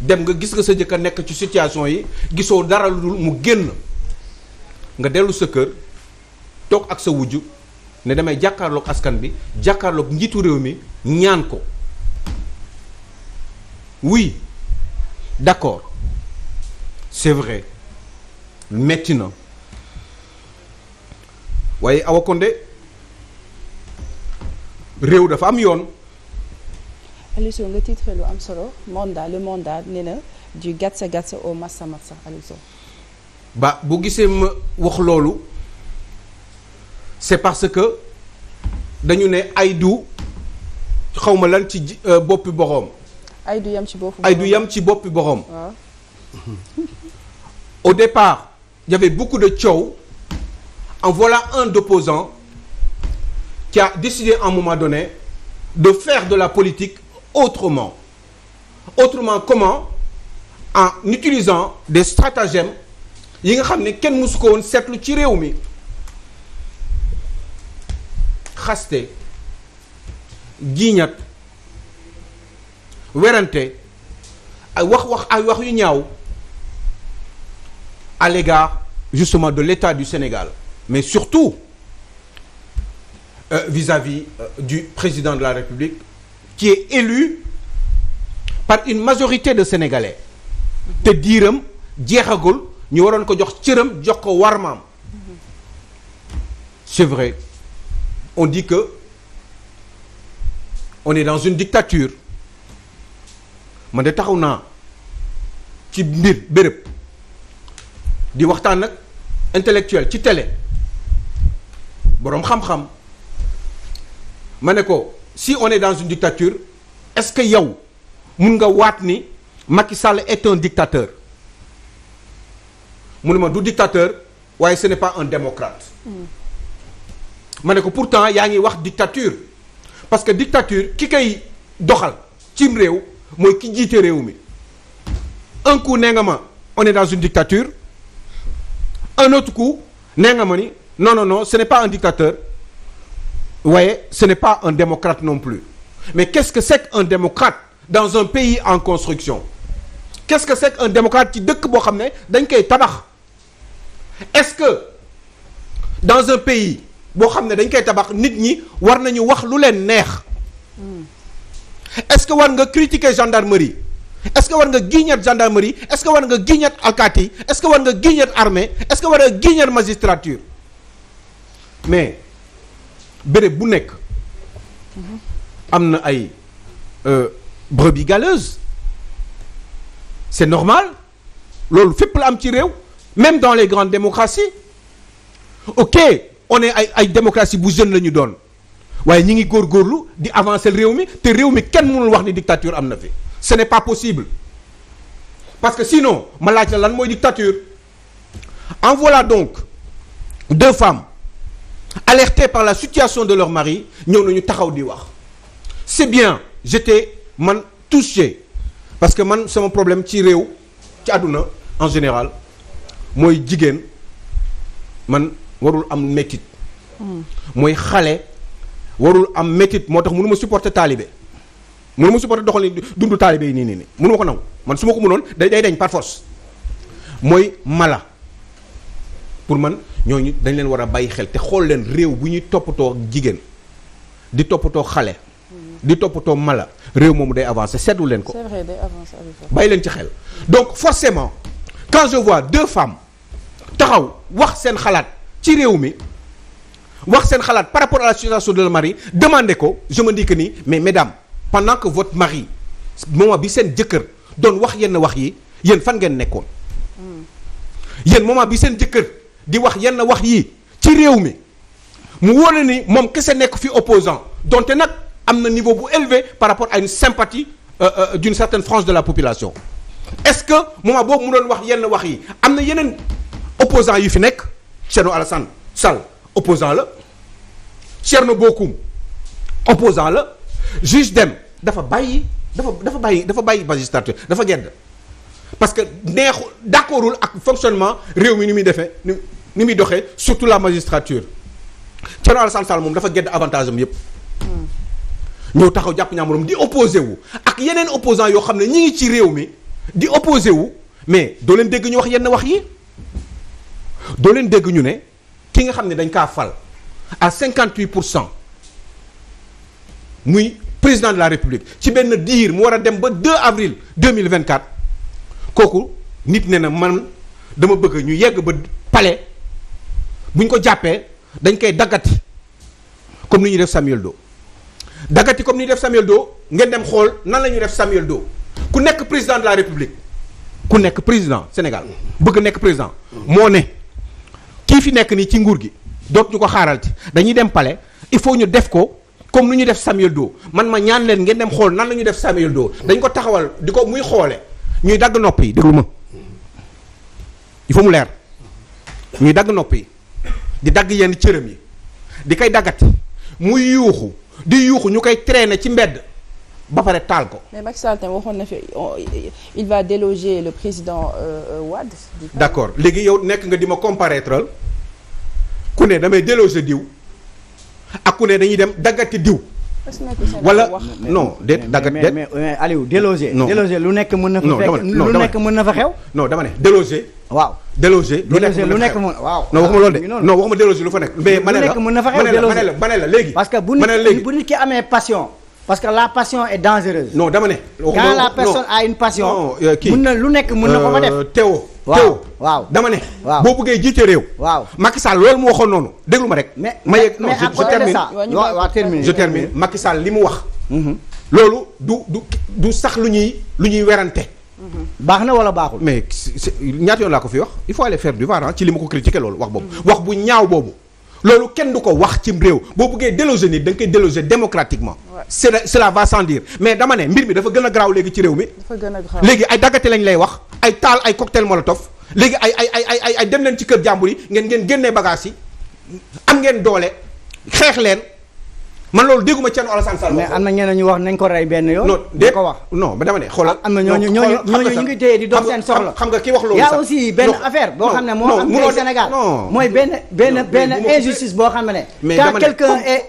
dem nga gis nga sa jëkkër nekk ci situation yi gisoo dara lu dul mu génn nga dellu sa kër toog ak sa wujj ne damay jàkkaarloog askan bi jàkkaarloog njiitu réew mi ñaan ko oui d'accord c'est vrai metti na waaye Awa Condé réew dafa am yoon Aliou Sow nga am solo mandat le mandat nee na du gatsa gatsa au massa massa Aliou ba bu gisee ma wax loolu c'est parce que dañu ne ay du xawma lan euh, ci boppi borom. ay du yam ci boppi borom ay du yam ci boppi borom. au départ il y avait beaucoup de coow en voilà un d'opposant qui a décidé à un moment donné de faire de la politique autrement. Autrement comment? En utilisant des stratagèmes yi nga xam ni kenn mësu ko woon seetlu ci réew mi xaste giiñat werante ay wax wax ay wax yu ñaaw à l'égard justement de l'État du Sénégal mais surtout euh, vis-à-vis euh, du président de la République ci est élu par une majorité de Sénégalais te diiram jeexagul ñu waroon ko jox cëram jox ko warmaam c'est vrai on dit que on est dans une dictature man de taxaw naa ci mbir béréb di waxtaan nag intellectuel ci télé boroom xam-xam ma ne ko si on est dans une dictature est-ce que yow mun nga waat ni Macky Sall et un dictateur mu ne ma du dictateur waaye ce n'est pas un démocrate ma ne ko pourtant yaa ngi wax dictature parce que dictature ki kay doxal cim réew mooy ki jiite réew mi un coup nee nga ma on est dans une dictature un autre coup nee nga ma ni non non non ce n'est pas un dictateur waaye ce n'est pas un démocrate non plus mais qu'est-ce que c'est qu'un démocrate dans un pays en construction qu'est-ce que c'est qu'un démocrate ci dëkk boo xam ne dañ koy tabax est-ce que dans un pays boo xam ne dañ koy tabax nit ñi war nañu wax lu leen neex est-ce que war nga critiquer gendarmerie est-ce que war nga giiñat gendarmerie est-ce que war nga giiñat alkaati est-ce que war nga giiñat armée est-ce que war nga giiñat magistrature mais béréb bu nekk am na ay euh, brebis galeuses c'est normal loolu fépp la am ci réew même dans les grandes démocraties ok on ay ay démocratie bu jeune la ñu doon waaye ñi ngi góor góorlu di avancer réew mi te réew mi kenn mënul wax ni dictature am na fi ce n'est pas possible parce que sinon ma laaj la lan mooy dictature en voilà donc deux femmes alertés par la situation de leur mari ñëw nañu taxaw di wax c'est bien j'étais man touché parce que man sama problème ci réew ci àdduna en général mooy jigéen man warul am métit hmm. mooy xale warul am métit moo tax mënu ma supporter taalibe mënu ma supporter doxalin dundu taalibe yi nii nii nii mënu ko nangu man su ma ko mënoon day day dañ par force mooy mala pour man ñooñu dañ leen war a bàyyi xel te xool leen réew bu ñuy toppatoo jigéen di toppatoo xale. di toppatoo mala réew moomu day avancer seetlu leen ko. c'est vrai day avancer bàyyi leen ci xel donc forcément quand je vois deux femmes taxaw wax seen xalaat ci réew mi wax seen xalaat par rapport à la situation de leur mari demandé ko je me dis ni mais mesdames pendant que votre mari moment bi seen jëkkër doon wax yenn wax yi yéen fan ngeen nekkoon. Hmm. yéen moment bi seen jëkkër. di wax yenn wax yi ci réew mi mu woon ni moom kese nekk fi opposan donte nag am na niveau bu élevé par rapport à une sympathie euh, euh, d'une certaine frange de la population est-ce que moment boobu mu doon wax yenn wax yi am na yeneen opposant yu fi nekk Thierno Alassane sal opposant la Thierno Bocoum opposant la juge Dème dafa bàyyi dafa dafa bàyyi dafa bàyyi magistrature dafa gedd parce que neexu d'accordul ak fonctionnement réew mi ni muy defee ni muy doxee surtout la magistrature Thierno Alassane Sall moom dafa gedd avantage am yëpp. ñëw taxaw jàpp ñaamuram di opposé wu ak yeneen opposant yoo xam ne ñi ngi ci réew mi di opposé wu mais doo leen dégg ñu wax yenn wax yi doo leen dégg ñu ne ki nga xam ne dañ kaa fal à 58 pour cent muy président de la république ci benn diir mu war a dem ba 2 avril 2024 kooku nit ne na man dama bëgg ñu yegg ba pale buñ ko jàppee dañ koy daggati comme ni ñuy def Samuel Doe daggati comme ni def Samuel Doe ngeen dem xool nan la ñuy def Samuel doo ku nekk président la République ku nekk président Sénégal bëgg nekk président moo ne kii fi nekk nii ci nguur gi doot ñu ko xaaral ci dañuy dem pale il faut ñu def ko comme nu ñu def Samuel doo man ma ñaan leen ngeen dem xool nan la ñuy def Samuel doo dañ ko taxawal di ko muy xoole ñuy dagg nopp yi déglu ma il faut mu leer ñuy dagg nopp yi di dagg yenn cëram yi di koy daggati muy yuuxu di yuuxu ñu koy traîner ci mbedd ba pare taal ko. mais Macky Sall waxoon na fi il va déloger le président euh, euh Wade. accord léegi yow nekk nga di ma comparaître ku ne damay déloger diw ak ku ne dañuy dem daggati diw. wala non déet daggat déet mais mais Aliou déloger. non déloger lu nekk mën na fa. fekk lu nekk mën na fa xew. non dama ne déloger. waaw délogé. lu nekk mën waaw non waxuma loolu de non waxuma délogé lu fa nekk. mais ma ne la mën na fa xew ma ne la léegi. parce que bu nit bu nit ki amee passion. parce que la passion est dangereuse. non dama ne. quand la personne a une passion. Euh, mën na lu nekk mën na ko fa def. Euh, teewoo teewoo. waaw dama ne. boo bëggee jiite réew. waaw Macky Sall loolu mu waxoon noonu déglu ma rek. mais ma yegg non je termine waaw termine je termine Macky li mu wax. Mhm. loolu du du du sax lu ñuy lu ñuy werante baax na wala baaxul. mais ñaata yoon laa ko fi wax il faut aller faire du var ah, ci li ma ko critiqué loolu wax boobu. wax bu ñaaw boobu. loolu kenn du ko wax cim réew boo bëggee déloger nit da koy déloger démocratiquement. cela cela va sans dire mais dama ne mbir mi dafa gën a garaaw léegi ci réew mi. dafa léegi ay daggate lañ lay wax ay taal ay cocktail molotov léegi ay ay ay ay ay dem leen ci kër jàmbur yi ngeen ngeen génnee bagage yi am ngeen doole xeex leen. man loolu dégguma Thierno Alassane Sall. mais am na ñeneen ñu wax nañ ko rey benn yoon. non de ko wax non ba dama ne xoolal. Ah, am na ñooñu ñooñu ñooñu ñu ngi téye di dox seen soxla. xam nga ki wax loolu sax yaa aussi benn affaire boo xam ne moo am tey Sénégal mooy benn benn benn injustice boo xam ne. mais dama ne quand quelqu'un est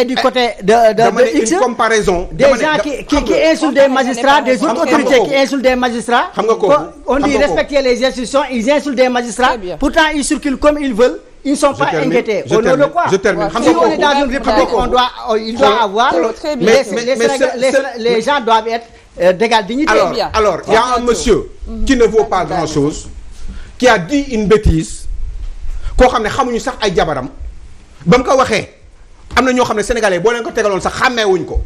est du eh, côté de de de X. une comparaison des gens qui qui qui insultent des magistrats des autres autorités qui insultent des magistrats. xam nga kooku on dit respecter les institutions ils insultent des magistrats. pourtant ils circulent comme ils veulent. ils sont pas inquiétés au nom de quoi je termine xam nga on est dans une république on doit euh, il doit avoir mais les gens doivent être euh, d'égale dignité alors il y un monsieur mhm. qui ne vaut pas grand chose qui a dit une bêtise koo xam ne xamuñu sax ay jabaram ba mu ko waxee am na ñoo xam ne sénégalais boo leen ko tegaloon sax xàmmeewuñ ko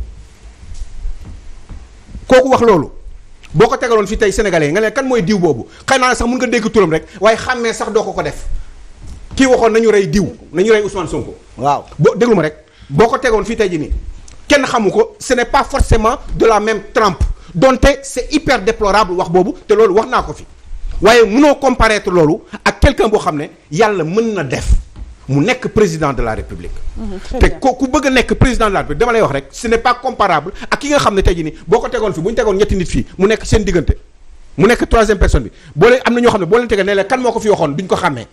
kooku wax loolu boo ko tegaloon fii tey sénégalais nga ne kan mooy diw boobu xëy naa sax mun nga dégg turam rek waaye xàmmee sax doo ko ko def ki waxoon nañu rey diw nañu rey Ousmane Sonko. waaw boo déglu ma rek boo ko tegoon fii tey jii nii kenn xamu ko ce n'est pas forcément de la même trempe donte c'est hyper déplorable wax boobu te loolu wax naa ko fi waaye mënoo comparer loolu ak quelqu'un boo xam ne yàlla mën na def mu nekk président de la république. Mhm, te ko ku bëgg a nekk président de la république dama lay wax rek ce n'est pas comparable ak ki nga xam ne tey jii nii boo ko tegoon fii bu ñu tegoon ñetti nit fii mu nekk seen diggante mu nekk troisième personne bi kan moo ko fi waxoon duñ ko xàmmee.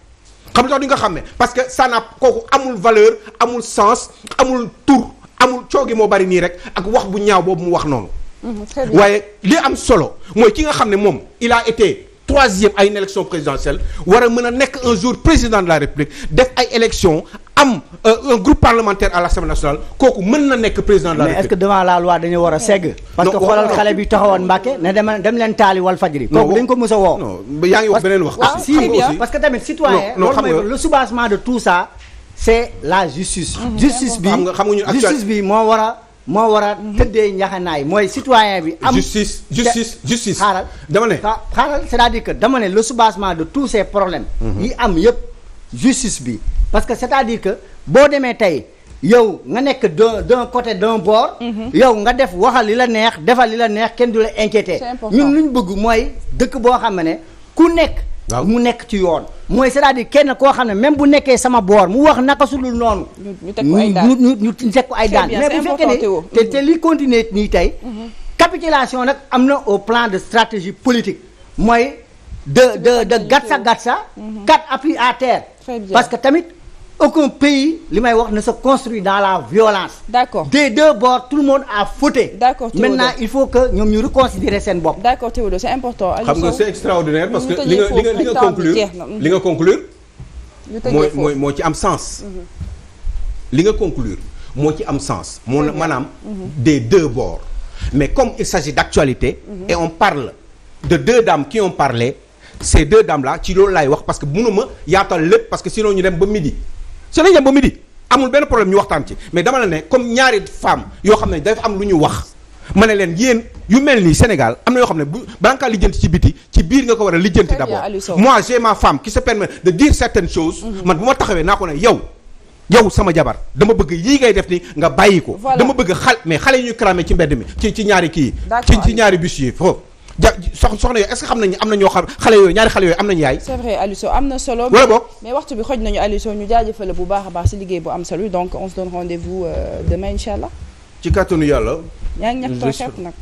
xam nga di nga xam ne parce que ça n'a kooku amul valeur amul sens amul tour amul coogi moo bari nii rek ak wax bu ñaaw boobu mu wax noonu. Mhm, waaye li am solo mooy ki nga xam ne moom il a été troisième ay une élection présidentielle war a mën a nekk un jour président de la république def ay élection am euh, un groupe parlementaire à l'Assemblée nationale kooku mën na nekk président de la République. mais est-ce que devant la loi dañu war a segg. parce que xoolal xale bi taxawoon Mbàkke ne dem dem leen taali wal fajri. kooku dañ ko mës a woo. non yaa ngi wax beneen wax. Ah, si parce que tamit citoyen. non xam nga le soubassement de tout ça. c'est la justice. Ah, justice bi xam nga xam nga ñun justice bi moo war a. moo war a mhm. tëddee njaxanaay mooy citoyen bi. am justice justice justice. xaaral dama ne xaaral c'est-à-dire que dama ne le soubassement de tous ces mhm. yëpp bi. parce que c'est-à-dire que boo demee tey yow nga nekk d'un don côté don bord. Mhm. yow nga def waxal li la neex defal li la neex kenn du la inquiété. ñun lu ñu bëgg mooy dëkk boo xam ne ku nekk. mu nekk ci yoon. mooy c'est-à-dire kenn koo xam ne même bu nekkee sama boor mu wax naka su dul noonu. ñu teg ko ay daan ñu ñu ñu teg ko ay daan. mais bu fekkee ne te te li continuer nii tey. Mhm. capitulation nag am na au plan de stratégie politique mooy de de de gatsa gatsa. quatre appuis à terre. parce que tamit. aucun pays li may wax ne sa construit dans la violence. d'accord des deux bords tout le monde a fauté. d'accord Théodo maintenant il faut que ñoom ñu reconsidérer seen bopp. d'accord Théodo c'est important. xam nga c'est extraordinaire parce que li nga li nga li nga conclure li nga mooy mooy moo ci am sens. Mhm. li nga conclure moo ci am sens. moo maanaam mhm. des deux bords. mais comme il s'agit d'actualité. Mhm. et on parle de deux dames qui ont parlé. ces deux dames là ci loolu laay wax parce que mënuma yaatal lépp parce que sinon ñu dem ba midi. su nañ dem ba midi amul benn problème ñu waxtaan ci mais dama la ne comme ñaari femme yoo xam ne dafa am lu ñu wax ma ne leen yéen yu mel nii Sénégal am na yoo xam ne bu balaa nga lijjanti ci biti ci biir nga ko war a lijjanti d'abord moi j'ai ma femme qui se permet de dire certaines choses mhm. man bu ma taxawee naa ko ne yow yow sama jabar dama bëgg yii ngay def ni nga bàyyi ko dama bëgg xal mais xale yi ñuy cramer ci mbedd mi ci ci ñaari kii ci ci ñaari bus yi ja sox soxna yooyu est-ce que xam nañu am na ñoo xam xale yooyu ñaari xale yooyu am nañu yaay. c'est vrai Aliou Sow am na solo. wala boog mais waxtu bi xoj nañu Aliou Sow ñu jaajëfal bu baax a baax si liggéey bu am solo donc on se donne rendez-vous euh, demain incha allah. ci kàttanu yàlla. yaa ngi ñaxtoo xeet nag.